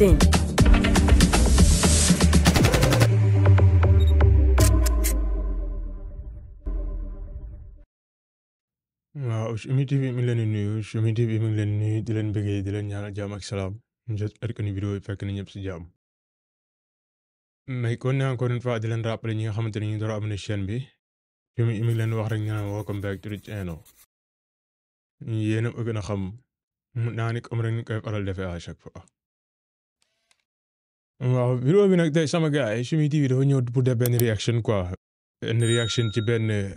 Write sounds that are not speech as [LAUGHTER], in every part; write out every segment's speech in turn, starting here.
2015. waaw Choumi TV mi ngi leen di nuyu Choumi TV mi ngi leen di nuyu di leen bëggee di leen ñaanal jàmm ak salaam j'espère que ni vidéo fekk na ñëpp si jàmm. mais kon ne encore une di leen rappeler ñi nga xamante ne ñu door a abonné chaîne bi Choumi leen wax rek ñu naan welcome back to the channel xam mu naa ni comme rek ñu faral defee à chaque fois. waaw vidéo bi nag tey sama gars yi Choumi TV dafa ñëw pour def benn réaction quoi benn réaction ci benn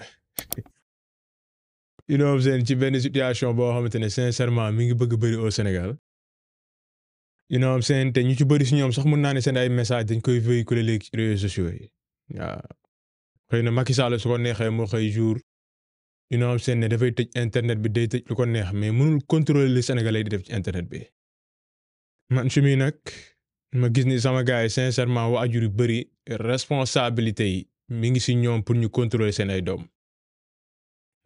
you seen ci benn situation boo xamante ne sincèrement mi ngi bëgg bëri au Sénégal you seen te ñu ci bëri si ñoom sax mën naa ne seen ay message dañ koy véhiculer léegi ci réseaux sociaux yi waaw na Macky Sall su ko neexee moo xëy jour you know seen ne dafay tëj internet bi day tëj lu ko neex mais mënul contrôler li Sénégalais di def ci internet bi man Choumi nag. ma gis ni sama gars yi sincèrement waajur yu bëri responsabilité yi mi ngi si ñoom pour ñu contrôler seen ay doom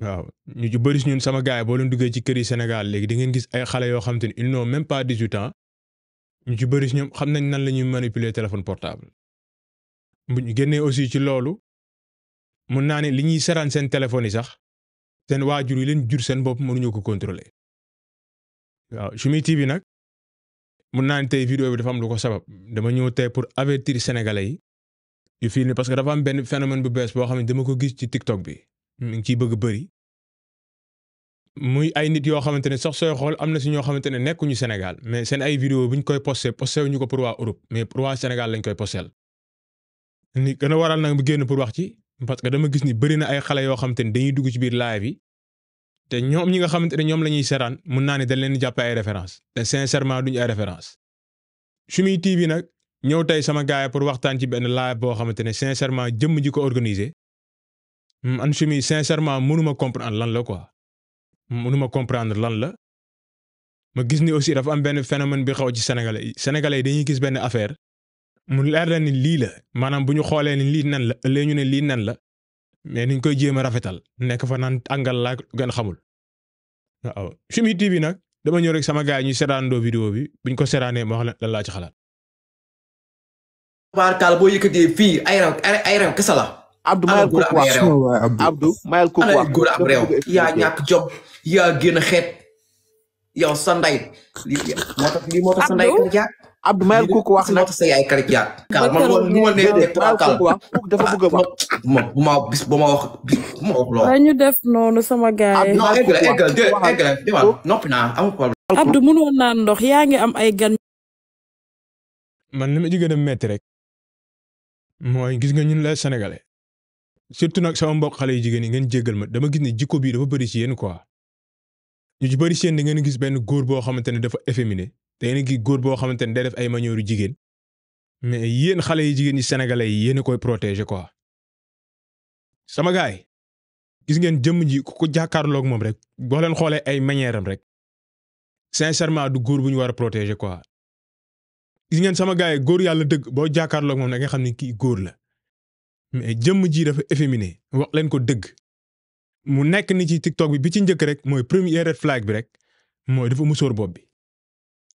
waaw ñu ju bëri si ñun sama gars yi boo leen duggee ci kër yi Sénégal léegi di ngeen gis ay xale yoo xam te ne ils n'ont même pas 18 ans ñu ci bëri si ñoom xam nañ nan la ñuy manipuler téléphone portable. bu ñu génnee aussi ci loolu mun naa ne li ñuy saraan seen téléphone yi sax seen waajur yi leen jur seen bopp mënuñu ko contrôler waaw Choumi TV nag mun naa ne tey bi dafa am lu ko sabab dama ñëw tey pour avertir sénégalais yi yu fii ni parce que dafa am benn phénomène bu bees boo xam ne dama ko gis ci TikTok bi mi ngi ciy bëgg bëri muy ay nit yoo xamante ne sox sooy xool am na si ñoo xamante ne nekkuñu Sénégal mais seen ay vidéo bu ñu koy posté posté wuñu ko pour waa Europe mais pour waa Sénégal lañ koy postel ni gën a waral nag bu génn pour wax ci parce que dama gis ni bëri na ay xale yoo xamante ni dañuy dugg ci biir live yi te ñoom ñi nga xamante ne ñoom la ñuy seraan mun naa ne dañ leen jàppe ay référence te sincèrement duñu ay référence Choumi TV nag ñëw tey sama gaay pour waxtaan ci benn live boo xamante ne sincèrement jëmm ji ko organiser man Choumi sincèrement mënuma comprendre lan la quoi mënuma comprendre lan la ma gis ni aussi dafa am benn phénomène bi xaw ci sénégalais yi sénégalais yi dañuy gis benn affaire mu leer leen ni lii la maanaam bu ñu xoolee ni lii nan la ëllëg ñu ne lii nan la mais niñ koy jéem a rafetal nekk fa naan tàngal laa gën xamul waaw Choumi TV nag dama ñëw rek sama gaay yi ñu seetaandoo vidéo bi buñ ko seetaanee ma wax lan laa ci xalaat. Tabarkaal boo yëkkatee fii ay Abdou mayal kooku wax Abdou mayal kooku job yaa génn xeet yow sa ndey Abdou Mayel kooku wax na sa yaay kër jaar kar man won won ne te kal dafa bëgg wax bis wax wax def sama gaay non eggal eggal de eggal de wal noppi naa amul problème Abdou ndox nga am ay gan man li ma ci gën metti rek mooy gis nga ñun la sénégalais surtout nag sama mbokk xale yu jigéen yi ngeen jéggal ma dama gis ne jikko bii dafa bëri ci yéen quoi ñu ci ci ngeen gis dafa efféminé da ngeen gi góor boo xamante ne def ay manières jigéen mais yéen xale yi jigéen ñi sénégalais yi yéen koy protéger quoi sama gaay gis ngeen jëmm ji ku ko jàkkaarloog moom rek boo leen xoolee ay manière rek sincèrement du góor bu ñu war a protéger quoi gis ngeen sama gaay yi góor yàlla dëgg boo jàkkaarloog moom da nga xam ne kii góor la mais jëmm ji dafa efféminé wax leen ko dëgg mu nekk ni ci TikTok bi bi ci njëkk rek mooy premier red bi rek mooy dafa musóor bopp bi.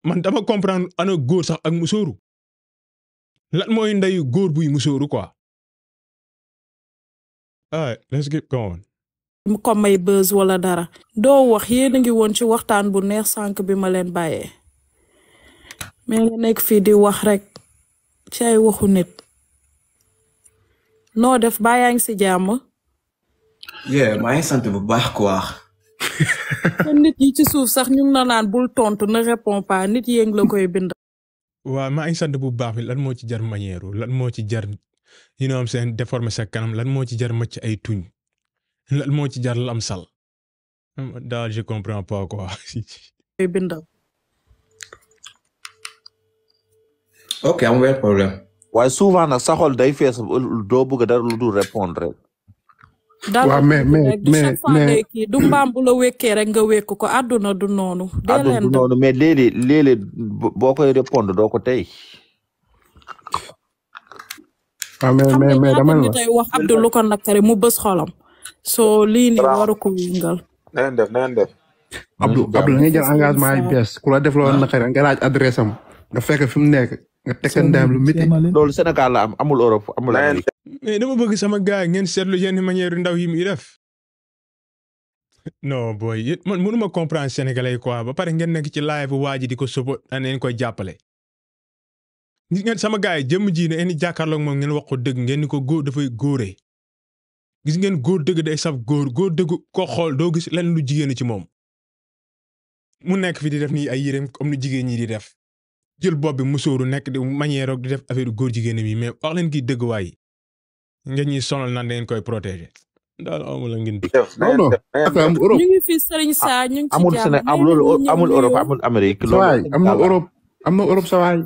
man dama comprendre ana góor sax ak musóoru lan mooy ndeyu góor buy musóoru quoi ah let's keep going ko may buzz wala dara doo wax yéen a ngi woon ci waxtaan bu neex sànq bi ma leen bàyyee mais nekk fii di wax rek ci ay waxu nit noo def baa yaa ngi si jàmm yeah maa ngi sant bu baax ko wax te nit yi suuf sax ñu na naan bul tontu ne répond pas nit yéeng la koy bind. waaw maa ngi sant bu baax lan moo ci jar manière lan moo ci jar you know seen déformer sa kanam lan moo ci jar macc ay tuñ lan moo ci jar lam sal daal je comprends pas quoi. koy bindal. ok amul benn problème. waaye souvent nag sa day fees doo bëgg dara lu répondre daal waaw mais mais mais mais du mbaam bu la wékkee rek nga wekk ko àdduna du noonu. àdduna du noonu mais léeg-léeg léeg boo koy répondre doo ko tey. waaw ah, mais mais mais dama ne la wax Abdou lu ko nakari mu bës xolam. soo lii nii waru ko yëngal. na ngeen def na ngeen def. Abdou Abdou engagement yi bees ku la def loo nakari nga laaj adresse nga fekk fi mu nekk. nga tekkandaam lu métti loolu Sénégal la am amul Europe amul Amérique. mais dama bëgg sama gars ngeen seetlu yenn manière ndaw yi muy def non booy man mënuma comprendre sénégalais quoi ba pare ngeen nekk ci live waa ji di ko sobo neen koy jàppale. gis ngeen sama gars yi jëmm ji ne eni jàkkaarloog moom ngeen wax ko dëgg ngeen ni ko góor dafay góoree gis ngeen góor dëgg day saf góor góor dëgg ko xool doo gis lenn lu jigéen ci moom. mu nekk fi di def nii ay yéreem comme lu jigéen ñi di def. jël bopp bi musóoru nekk di manière ak di def affaire góor jigéenam yi mais wax leen kii dëgg waay ngeen ñuy sonal naan da koy protéger. daal amul la ngeen di. am Europe fi Serigne Sarr ñu ngi ci amul Sénégal amul amul Amérique. loolu am na am na Europe sa waay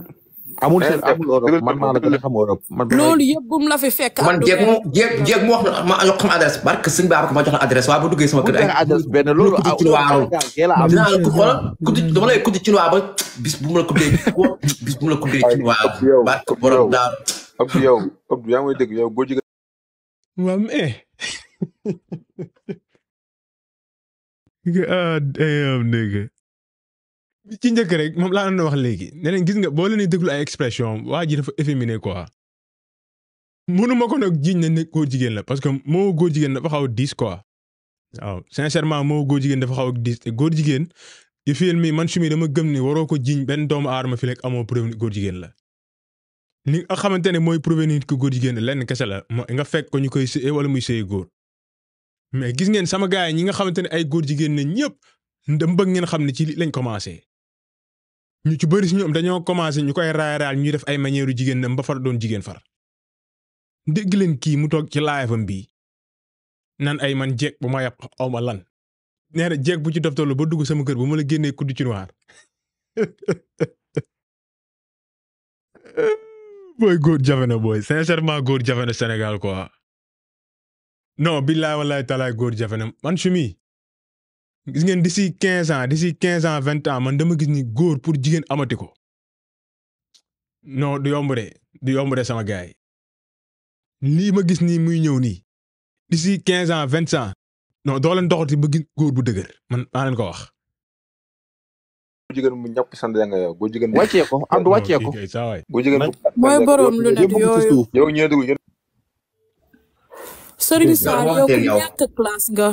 amul eh, seen amul Europe man maa la gën a xam Europe. man loolu yëpp bu mu la fi fekk. man jéeg mu jéeg jéeg mu wax ma jox xam adresse barke sëñ Babacar ma jox la adresse waaye bu duggee sama kër ay. adresse benn loolu aw dinaa la ko mm-hmm. xoolal kuti dama lay kuti chinois ba bis bu mu la kuddee bis bu mu la kuddee chinois barke borom daal. Abdou yow Abdou yaa ngi dégg yow góor jigéen. maam eh. ah dégg ci njëkk rek moom laa doon wax léegi ne gis nga boo leen di déglu ay expression waa ji dafa efféminé quoi mënu ma ko nag jiñ ne ne góor jigéen la parce que moo góor jigéen dafa xaw a diis quoi waaw sincèrement moo góor jigéen dafa xaw a diis te góor jigéen yu fiyel mi man su mi dama gëm ni waroo ko jiiñ benn doomu aadama fi rek amoo preuve ni góor jigéen la ni nga xamante ne mooy preuve nit ko góor jigéen lenn kese la moo nga fekk ko ñu koy sëy wala muy sëy góor mais gis ngeen sama gars yi ñi nga xamante ne ay góor jigéen ne ñëpp dama bëgg ngeen xam ne ci lañ commencé ñu ci bëri si ñoom dañoo commencé ñu koy raay raal ñuy def ay manière jigéen dem ba far doon jigéen far dégg leen kii mu toog ci laayafam bii nan ay man jeeg bu ma yàpp aw ma lan nee na jeeg bu ci doftalu ba dugg sama kër bu ma la génnee kuddu ci noir [LAUGHS] booy góor jafe na booy sincèrement góor jafe na Sénégal quoi non billaay wallaay talaay góor jafe na man sumi gis ngeen d'ici quinze ans d'ici quinze ans vingt ans man dama gis ni góor pour jigéen amati ko non du yomb de sama gars yi lii ma gis nii muy ñëw nii d'ici quinze ans vingt ans no doo leen doxati ba góor bu dëgër man maa leen ko wax. jigéen mu ñàpp sant nga yow góor jigéen. wàccee ko Abdou lu nekk yooyu. yow ñëwee dugg Serigne Sarr yow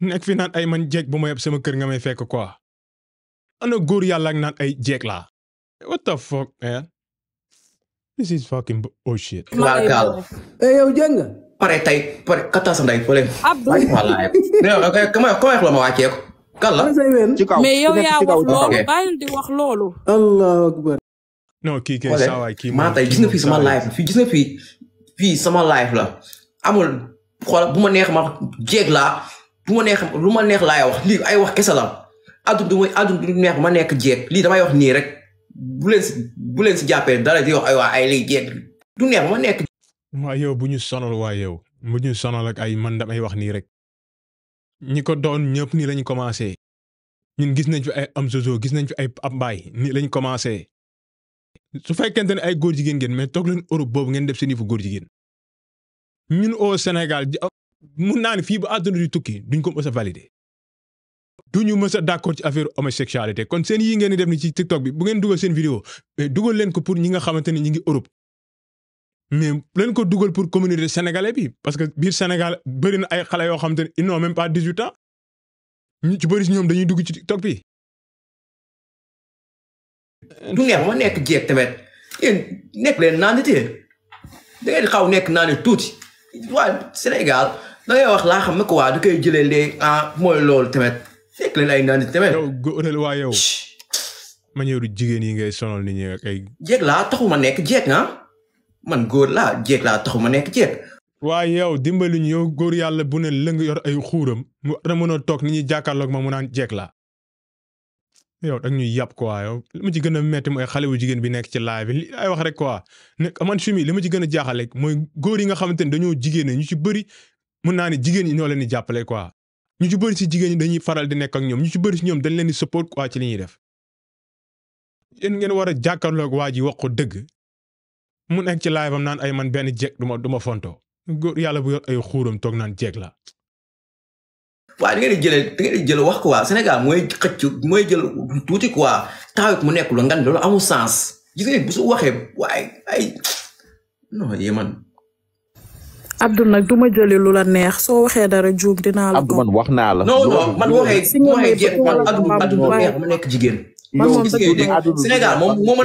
nekk fi naan ay man jeeg bu ma yeb sama kër nga may fekk quoi ana góor yàlla ak naan ay jeeg laa. what the fuck man this is fucking bullshit. Oh, laal kaal. Eh, yow nga. pare tey pare kattan sa ndey fële. Abdou walaay. mais comment comment la ma la yaa wax loolu bàyyil di wax loolu. allahu akbar. non kii kay saa maa tey gis na fii sama live fii gis na fii fii sama live amul xool bu ma neex ma jeeg bu ma neex lu ma neex laay wax lii ay wax kese la àdduna du ma àdduna neex ma nekk jeeg lii damay wax nii rek bu leen si bu leen si jàppee dara di wax ay waa ay lay jeeg du neex ma nekk. ma yow bu ñu sonal waa yow bu ñu sonal ak ay man damay wax nii rek ñi ko doon ñëpp nii lañu commencé ñun gis nañ fi ay am soso gis nañ fi ay ab mbaay nii lañ commencé su fekkente ne ay góor jigéen ngeen mais toog leen Europe boobu ngeen def seen fu góor jigéen ñun Sénégal mun naa ne ba àdduna di tukki duñ ko valider duñu d'accord ci affaire homosexualité kon seen yi ngeen ni ci TikTok bi bu ngeen dugal vidéo eh, dugal leen ko pour ñi nga xamante ngi Europe mais leen ko dugal pour communauté sénégalais bi parce que biir Sénégal bëri na ay xale yoo xamante même pas 18 ans ñu ci bëri si TikTok bi. du nekk jeeg tamit yéen nekk leen naan da xaw nekk naan Sénégal. da wax laa xam ne quoi du koy jëlee lee ah mooy lool tamit fekk leen ay naan tamit. yow góoreel waa yow. jigéen yi ngay sonal nit ñi ak laa taxu ma nekk jéeg ah man góor laa jéeg laa taxu ma nekk jéeg. waaye yow dimbali ñu yow góor yàlla bu ne lëng yor ay xuuram mu na mën a toog nit ñi jàkkaarloog ma mu naan jéeg laa. yow dag ñuy yàpp quoi yow li ma ci gën a metti mooy xale bu jigéen bi nekk ci live bi li ay wax rek ko ne man fi mi li ma ci gën a jaaxal mooy góor yi nga xamante ne dañoo jigéen ñu ci bëri mun naa ne jigéen ñi ñoo leen di jàppale quoi ñu ci bëri si jigéen ñi dañuy faral di nekk ak ñoom ñu ci bëri si ñoom dañ leen di support quoi ci li ñuy def. yéen ngeen war a jàkkaarloog waa ji wax ko dëgg mu nekk ci laay naan ay man benn jeeg du ma du ma fonto góor yàlla bu yor ay xuuram toog naan jeeg la. waaw da di jëlee da di jël wax quoi Sénégal mooy xëcc mooy jël tuuti quoi taawit mu nekk lu ngan loolu amul sens gis su waxee waaye ay non yéen man Abdou nag du ma jëli lu neex soo waxee dara juum dinaa la. Abdou man wax naa la. non non man waxee waxee jéem man Abdou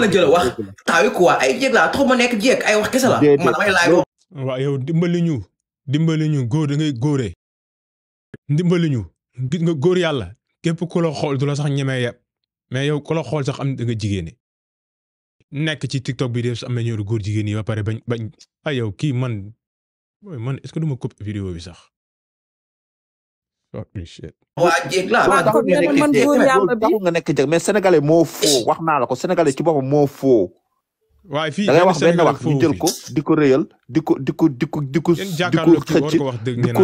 a jël wax. taw yi ay jéeg laa ma nekk jéeg ay wax kese man damay wax. waaw yow dimbali ñu dimbali ñu góor da ngay góore. ñu gis nga góor yàlla képp ku la xool du la sax ñemee yab mais yow ku xool sax am da nga jigéen nekk ci TikTok bi def am na ñëw góor jigéen yi ba pare bañ bañ ay yow kii man mooy man est-ce que du ma vidéo bi sax. fucking shit. la man taxul nga nekk jéeg mais sénégalais moo foo wax naa la ko sénégalais ci boppam moo foo. waaye fii da ngay wax benn wax ñu jël ko di ko rëyal di ko di ko di ko di ko di ko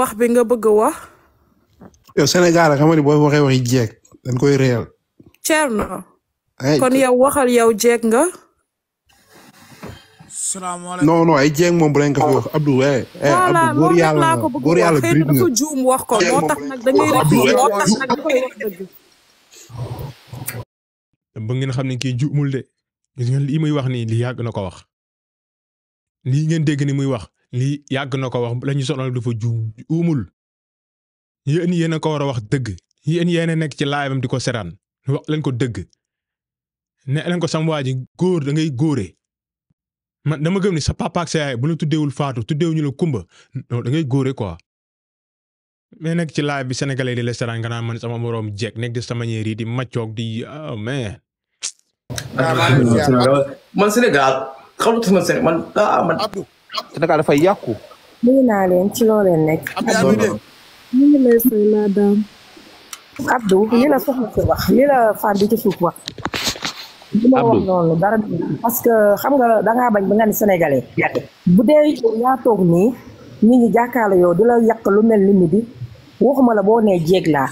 wax bi nga bëgg a wax. yow Sénégal xam nga ni waxi jéeg dañ koy rëyal. Thierno. kon yow waxal yow jéeg nga. salaamaaleykum non non ay jéeg moom bu leen ko fi wax Abdou waaye. Eh, eh, Abdou góor yàlla góor yàlla biir na juum wax ko moo tax nag da ngay rek moo tax nag da ngay rek dëgg. ba ngeen xam ne kii juumul de gis ngeen lii muy wax nii lii yàgg na ko wax lii ngeen dégg ni muy wax lii yàgg na ko wax la ñu sonal dafa juum juumul yéen yéen a ko war a wax dëgg yéen yéen a nekk ci laayam di ko seraan wax leen ko dëgg ne leen ko sam waa ji góor da ngay góore. man dama gëm ni sa papa ak sa yaay bu la tuddeewul faatu tuddeewuñu la kumba non da ngay góore quoi. mais nag ci live bi sénégalais di la saraan man sama morom jekk nekk di sama ñeer yi di maccoog di ah oh, mais. man Sénégal xam nga man Sénégal man ah, ah man. dafay yàqu. la soxna si wax li la Fane bi ci wax. li ma wax noonu dara parce que xam nga dangaa bañ ba nga ni sénégalais bu dee yaa toog nii nit ñi jàkkaarloo yow du la yàq lu mel ni di waxuma la boo nee jéeg laa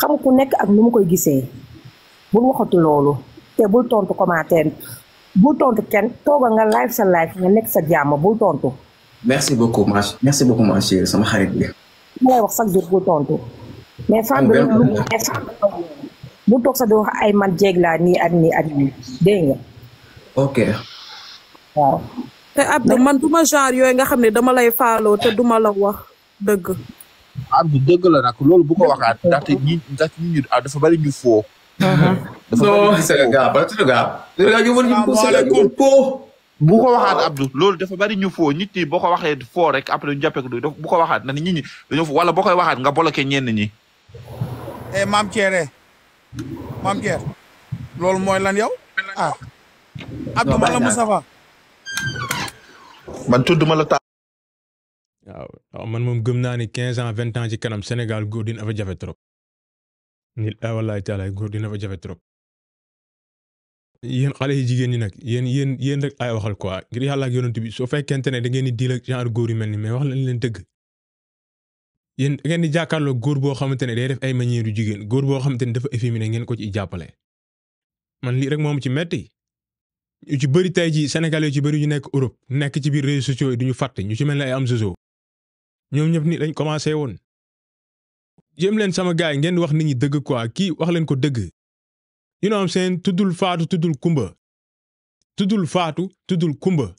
xam ku nekk ak nu mu koy gisee bul waxatu loolu te bul tontu commentaire bul tontu kenn tooga nga live sa live nga nekk sa jàmm bul tontu merci beaucoup ma merci beaucoup ma chérie sama xarit bi ma lay wax chaque jour bul tontu mais femme bi lu mais femme bu toog sa di wax ay man jeeg laa nii ak nii ak nii dégg ok. waaw. te Abdou man du ma genre yooyu nga xam ne dama lay faaloo te duma la wax dëgg. Abdou dëgg la nag loolu bu ko waxaat ndaxte ñi ndaxte ñi ñu ah, dafa bari ñu foo. Uh-huh. dafa ñu Sénégal ba Sénégal. salaamaaleykum bu ko waxaat Abdou dafa bari ñu foo nit ñi boo ko waxee foo rek après ñu jàppee ko bu ko waxaat na nit ñi wala boo koy waxaat nga bloqué ñenn ñi. eh maam Thierry. maam Dier loolu mooy lan yow ah. Abdou Mala Moustapha man la ta waaw man moom gëm naa ni quinze ans vingt ans ci kanam Sénégal góor dina fa jafe trop ni ah, wallahi taala góor dina fa jafe trop yéen xale yi jigéen ñi nag yéen yéen yéen rek ay waxal quoi ngir yàlla ak yonent bi soo fekkente ne da ngeen di diil ak genre mel ni mais wax leen leen dëgg yéen ngeen di jàkkaarloo góor boo xamante ne day def ay manière yu jigéen góor boo xamante ne dafa efféminé ngeen ko ci jàppale. man lii rek moom ci metti yu ci bëri tey ji Sénégal ci bari ñu nekk Europe nekk ci biir réseaux sociaux yi du ñu fàtte ñu ci mel ne ay am soso ñoom ñëpp ni dañ commencé woon. jëm leen sama gaay ngeen wax nit ñi dëgg quoi kii wax leen ko dëgg. you know am seen tuddul faatu tuddul kumba tuddul faatu tuddul kumba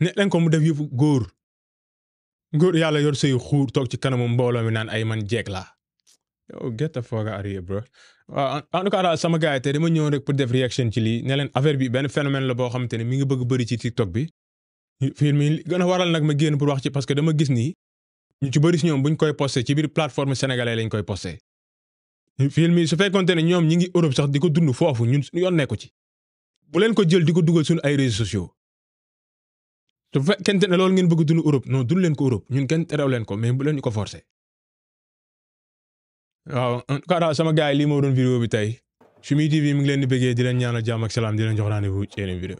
ne leen ko mu def yëfu góor. Gur yàlla yor say xuur toog ci kanamu mbooloo mi naan ay man jeeg laa yow get the fuck out of here bro en tout cas sama gars yi dama ñëw rek pour def reaction ci lii ne leen affaire bi benn phénomène la boo xamante ne mi ngi bëgg bëri ci TikTok bi film yi gën a waral nag ma génn pour wax ci parce que dama gis ni ñu ci bëri si ñoom buñ koy posté ci biir plateforme sénégalais lañ koy posté film yi su fekkonte ne ñoom ñi ngi Europe sax di ko dund foofu ñun yoon nekku ci bu leen ko jël di ko dugal suñu ay réseaux sociaux te bu fekkente ne loolu ngeen bëgg dund Europe non dund leen ko Europe ñun kenn terew leen ko mais bu leen ñu ko forcer. waaw en sama gars yi lii moo doon vidéo bi tey Choumi TV mu ngi leen di bëggee di leen ñaanal jàmm ak salaam di leen jox rendez-vous ci yeneen vidéo